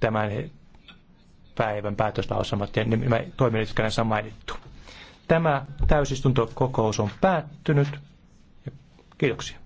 tämän päivän päätöslauselmat ja nämä toimijat, jotka näissä on mainittu. Tämä täysistuntokokous on päättynyt. Kiitoksia.